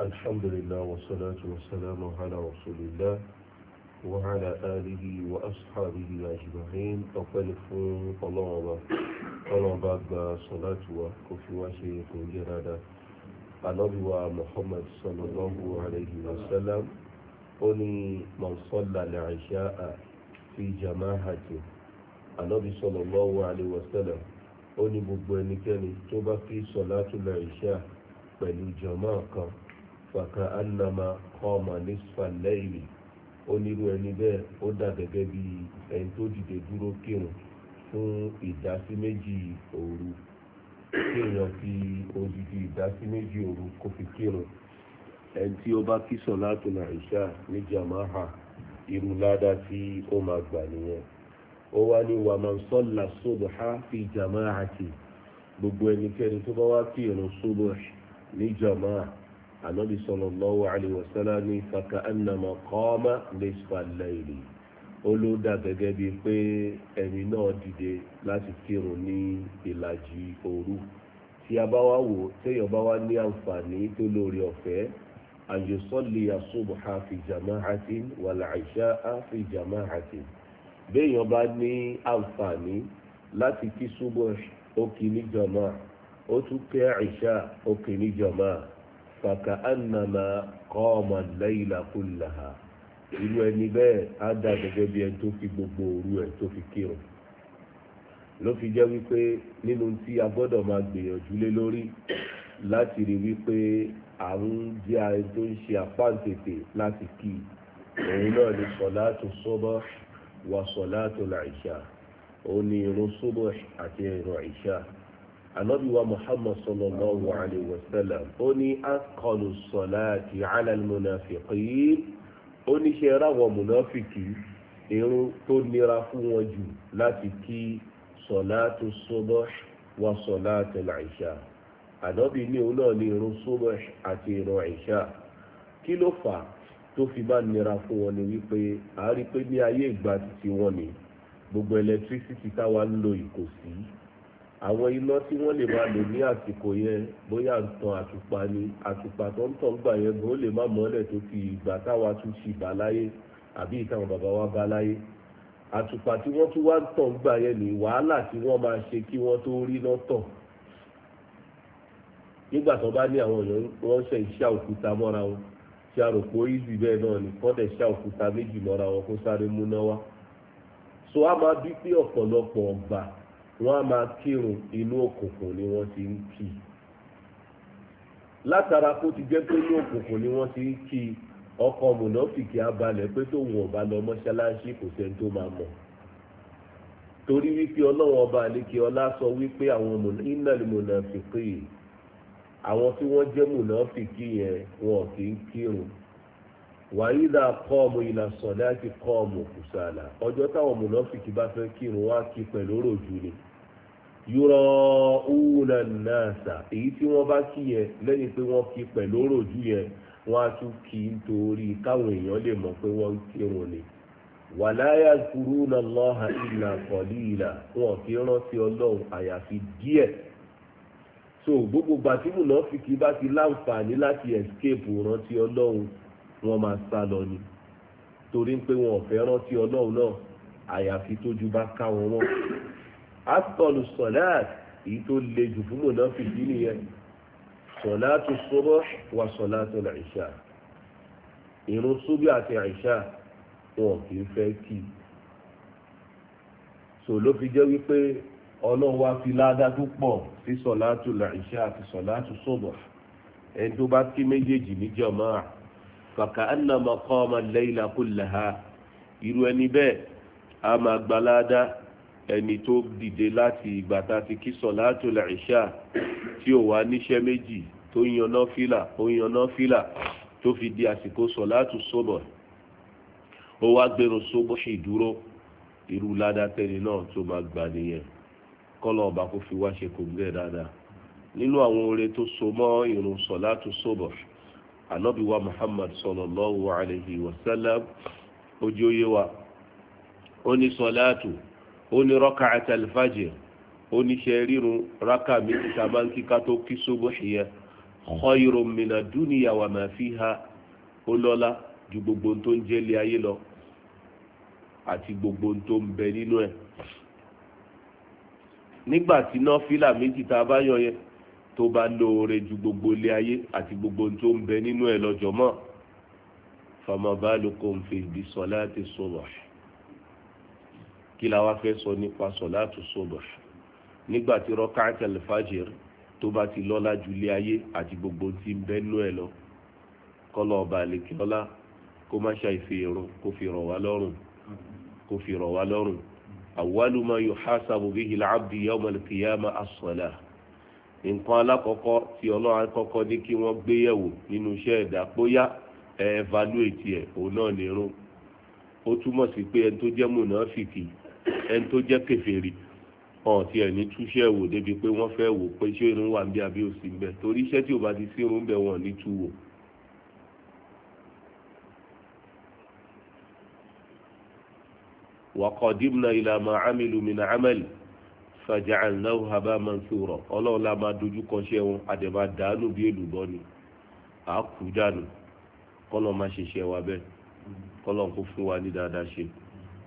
الحمد لله والصلاة والسلام على رسول الله وعلى آله وأصحابه أجمعين أقل الله الله بعد صلاة وكفي وشيخ جرادة النبي محمد صلى الله عليه وسلم أني من صلى العشاء في جماعة النبي صلى الله عليه وسلم أني بقبل كان توبة في صلاة العشاء pẹ̀lú jọmọ́ fàkà anama kọ́ọ̀mà ní sùpàlẹ́yìn onírú ẹni bẹ́ẹ̀ ó dà bí ẹni tó dìde dúró kírun fún ìdásí méjì òru kéèyàn fi odidi ìdásí méjì òru kó fi kírun ẹni tí ó bá kí sọ̀látù nàìjíríà ní jamaha irú ládàá tí ó máa gbà nìyẹn ó wá ní wàmà fi jamaha ti gbogbo ẹnikẹ́ni tó bá wá kírun sóbùhá ní jamaha. ànábì sallallahu alayhi wa sallam ní faka annama qama nisfa al-layli ó ló dà gẹ́gẹ́ bíi pé ẹni náà dìde láti kírun ní ìlàjì òru tí a bá wá wò téèyàn bá wá ní àǹfààní tó lórí ọ̀fẹ́ an yusalli as-subha fi jama'atin wal béèyàn bá ní àǹfààní láti kí subuh ó kí ó tún kí 'isha ó kí fàkà ànàmà kọ́ ọmọ lẹ́yìn làkúlàhà irú ẹni bẹ́ẹ̀ á dà gẹ́gẹ́ bí ẹni tó fi gbogbo òru ẹ̀ tó fi kírun ló fi jẹ́ wípé nínú tí a gbọ́dọ̀ máa gbìyànjú lé lórí láti rí wípé à ń jẹ́ ẹni tó ń ṣe àpáǹtètè láti kí òun náà ni sọ̀láàtù sọ́bọ̀ wà sọ̀láàtù làìṣà òun ni irun sọ́bọ̀ àti irun àìṣà anabiwa muhammad sallallahu alayhi wa sallam ó ní akọlù sọláàtì alálùmọ́nàfíkì ó ní ṣe ráwọ̀ mọ́nàfíkì irun tó nira fún wọn jù láti kí sọláàtù sọ́bọ̀ wa sọláàtù làìṣà ànábì ní òun náà ní irun sọ́bọ̀ àti irun àìṣà kí ló fà tó fi bá nira fún wọn ni wípé a pé ní ayé ìgbà títí wọn ni gbogbo ẹlẹtírísítì táwa ń lò yìí àwọn iná tí wọ́n lè máa lò ní àsìkò yẹn bóyá ń tan àtùpà ni àtùpà tó ń tàn gbà yẹn gan ó lè má mọ́lẹ̀ tó fi ìgbà táwa tún ṣì bá láyé àbí ìtàwọn bàbá wa bá láyé àtùpà tí wọ́n tún wá ń tàn gbà yẹn ní wàhálà tí wọ́n máa ṣe kí wọ́n tó rí náà tàn nígbà tó bá ní àwọn èèyàn wọ́n ṣe ìṣá òkúta mọ́ra wọn ṣe àròpó ìzì bẹ́ẹ̀ náà ni kọ́ dẹ̀ ṣá òkúta méjì mọ́ra wọn kó sáré múná wá so a máa bí pé ọ̀pọ̀lọpọ̀ ọ̀gbà wọ́n á máa kírun inú òkùnkùn ni wọ́n ti ń kí i látara kó ti jẹ́ pé inú òkùnkùn ni wọ́n ti ń kí i ọkọ̀ mùnàfìkì abalẹ̀ pé tóun ọba lọ mọ́ṣáláṣí kò sẹ́ni tó máa mọ̀ torí wípé ọlọ́wọ́n ọba àlekè ọlá sọ wípé àwọn innal mùnàfìkì àwọn tí wọ́n jẹ́ mùnàfìkì yẹn wọn kì í kírun wàyídà kọ́ọ̀mù ìlà sọ̀dá ti kọ́ọ̀mù kùsàlà ọjọ́ táwọn mùnàfìkì bá fẹ́ kírun wá kí pẹ̀lú òròjú ni yúrọ òwúlà nàásà èyí tí wọ́n bá kí yẹn lẹ́yìn pé wọ́n kí pẹ̀lú òròjú yẹn wọ́n á tún kí nítorí káwọn èèyàn lè mọ̀ pé wọ́n ké ni. wàláyà kúrú náà lọ́ha ìlà kọ̀lí ìlà wọn kì í rántí ọlọ́run àyàfi díẹ̀. so gbogbo gbàtímù náà fi kí bá ti láǹfààní láti escape rántí ọlọ́run wọn máa sá lọ ni torí pé wọn ò fẹ́ rántí ọlọ́run náà àyàfi tójú bá ká wọn atọ́lù sọ̀láàt èyí tó le jù fún mọ̀nà fìdí nìyẹn sọ̀láàtù sọ́bọ̀ wà sọ̀láàtù àìṣà ìrun súbí àti àìṣà wọn kì í fẹ́ kí i sò ló fi jẹ́ wípé ọlọ́run wá fi ládá tó pọ̀ sí sọ̀láàtù àìṣà àti sọ̀láàtù sọ́bọ̀ ẹni tó bá kí méjèèjì ní jàmáà fàkà ànàmọ́kọ́ ọmọ lẹ́yìn làkúlẹ̀ ha irú ẹni bẹ́ẹ̀ a máa gbaládá ẹni tó dìde láti ìgbà tá a ti kí sọ̀láàtò làìṣà tí ò wá níṣẹ́ méjì tó yanná fìlà ó yanná fìlà tó fi di àsìkò sọ̀láàtò sọ́bọ̀ ó wá gbẹrun sọ́bọ̀ ṣì dúró irú ládàtẹ́ni náà tó máa gbà nìyẹn kọ́lọ̀ ọba kó fi wá ṣe kò gbẹ dáadáa nínú àwọn oore tó so mọ́ irun sọ̀láàtò sọ́bọ̀ anabiwa muhammad sallallahu alayhi wa sallam ojú oyé wa ó ní sọ̀láàtò ó ní rọ́kà àti alifájìr ó ní ṣe rírun rákà méjì tá a máa ń kíká tó kí sóbò ṣìyẹn khayrun mina dúnìyà wà máa fi ha ó lọ́lá ju gbogbo tó ń jẹ́ ayé lọ àti gbogbo tó ń bẹ nínú ẹ̀ nígbà tí nọ́fìlà méjì tá a bá yọ yẹn tó bá lóore ju gbogbo ilé ayé àti gbogbo tó ń bẹ nínú ẹ̀ lọ́jọ́ mọ́ fama balukum fi bi salati subh kí la wá fẹ́ sọ nípa sọ̀láàtù sọ̀bọ̀ nígbà tí rọ́kàtà alfajir tó bá ti lọ́lá jùlé ayé àti gbogbo tí ń bẹ́nu ẹ̀ lọ kọ́lọ̀ ọba àlèkè ọlá kó má ṣàìfi irun kó fi rọ̀ wá lọ́rùn kó fi rọ̀ wá lọ́rùn awwalu ma yuhasabu bihi al-abdi yawm al-qiyama as-salah nǹkan alákọ̀ọ́kọ́ tí ọlọ́run akọ́kọ́ ní kí wọ́n gbé yẹ̀wò nínú iṣẹ́ ẹ̀dá bóyá ẹ̀ evaluate ẹ̀ òun náà ní ó túmọ̀ sí pé ẹni tó jẹ́ mùnà fìkì ẹni tó jẹ́ kèfèrí ọ̀n tí ẹ̀ ní túṣẹ́ wò débi pé wọ́n fẹ́ wò pé ṣé irun wà ń bí abí òsì ń bẹ torí iṣẹ́ tí ò bá ti sí irun bẹ̀ wọ́n ní tú wò. wàkọ̀dìmnà ìlànà amílùmínà amẹ́lì fàjàlnáwó haba mansura ọlọ́run la máa dojú kọṣẹ́ wọn àdèmà dànù bí èlùbọ́ ni à kú dànù kọ́lọ́ máa ṣiṣẹ́ wa bẹ́ẹ̀ kọ́lọ́ kó fún wa ní dáadáa ṣe.